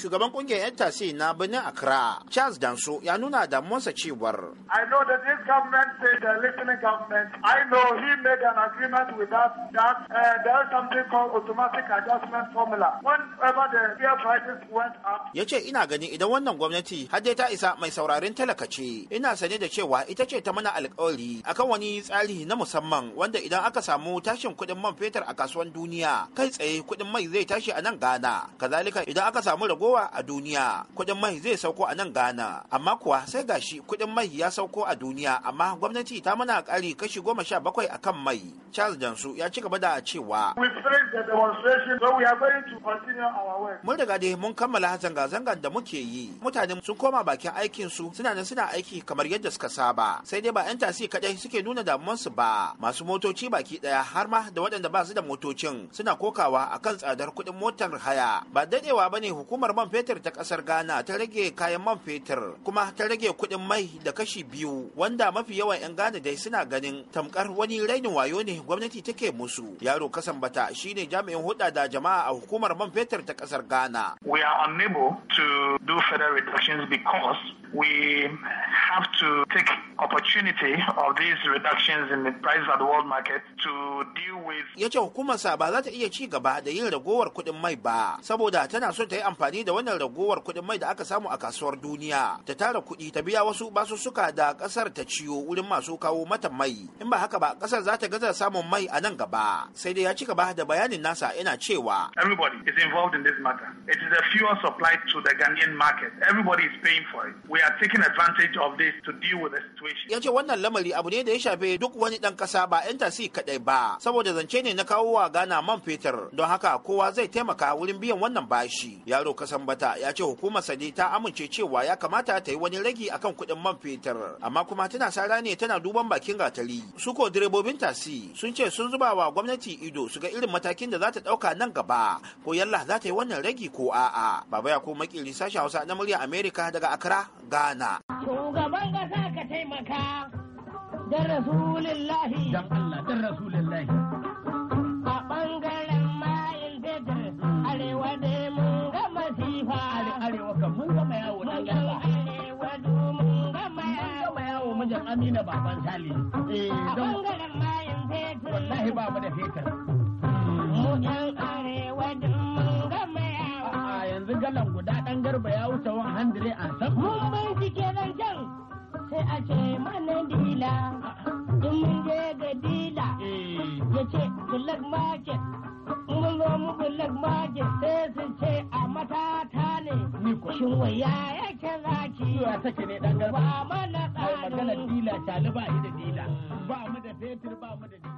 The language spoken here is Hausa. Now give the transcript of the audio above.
Shugaban kungiyar 'yan tasi na birnin Accra, Charles Danso ya nuna damuwarsa cewar. I know that this government say the listening government. I know he made an agreement with us that uh, there is something called automatic adjustment formula. Whenever the fuel prices went up. Ya ce ina gani idan wannan gwamnati har dai ta isa mai saurarin talaka ce. Ina sane da cewa ita ce ta mana alkawari akan wani tsari na musamman wanda idan aka samu tashin kuɗin man fetur a kasuwan duniya kai tsaye kuɗin mai zai tashi a nan Ghana. Kazalika idan aka samu rago kowa a duniya kuɗin mai zai sauko a nan Ghana amma kuwa sai gashi kuɗin mai ya sauko a duniya amma gwamnati ta mana ƙari kashi goma sha bakwai a kan mai Charles Jansu ya ci gaba da cewa mun riga dai mun kammala zanga-zangar da muke yi mutane sun koma bakin aikinsu suna nan suna aiki kamar yadda suka saba sai dai ba 'yan tasi kaɗai suke nuna su ba masu motoci baki ɗaya har ma da waɗanda ba su da motocin suna kokawa akan tsadar kuɗin motar haya ba ba ne hukumar man fetur ta kasar Ghana ta rage kayan man fetur kuma ta rage kuɗin mai da kashi biyu wanda mafi yawan 'yan Ghana dai suna ganin tamkar wani rainin wayo ne gwamnati take musu. Yaro kasan bata shine jami'in hulɗa da jama'a a hukumar man fetur ta kasar Ghana. We are unable to do further reductions because we have to take opportunity of these reductions in the prices at the world market to deal with. yace ce sa ba za ta iya ci gaba da yin ragowar kuɗin mai ba saboda tana so ta yi amfani da da wannan ragowar kuɗin mai da aka samu a kasuwar duniya ta tara kuɗi ta biya wasu basussuka da ƙasar ta ciyo wurin masu kawo mata mai in ba haka ba ƙasar za ta gaza samun mai a nan gaba sai dai ya ci gaba da bayanin nasa yana cewa everybody is involved in this matter it is a fuel supply to the Ghanaian market everybody is paying for it we are taking advantage of this to deal with the situation ya ce wannan lamari abu ne da ya shafe duk wani ɗan ƙasa ba 'yan tasi kaɗai ba saboda zance ne na kawo wa Ghana man fetur don haka kowa zai taimaka wurin biyan wannan bashi yaro kasa tambata ya ce hukumar sadi ta amince cewa ya kamata ta yi wani ragi akan kuɗin man fetur amma kuma tana sara ne tana duban bakin gatari su ko direbobin tasi sun ce sun zuba wa gwamnati ido su ga irin matakin da za ta ɗauka nan gaba ko yalla za ta yi wannan ragi ko a'a baba ya ko makili sashen hausa na murya Amerika daga accra ghana shugaban kasa ka taimaka dan rasulillahi dan allah dan rasulillahi fari arewa kan mun gama yawo dan gaba. Mun gama yawo mun jan Amina baban Sali. Eh don bangaren mayin fetur. Wallahi ba mu da fetur. Mun yan arewa dun mun gama yawo. A yanzu galan guda dan garba ya wuce 100 an san. Mun bai cike nan jan sai a ce mana dila. In mun je ga dila. Eh. Ya ce bullet market. Mun zo mu bullet market sai su ce a matata. cikin waya yake zaki ba mana tsarin. Magana dila, ba da dila, ba mu da fetur, ba mu da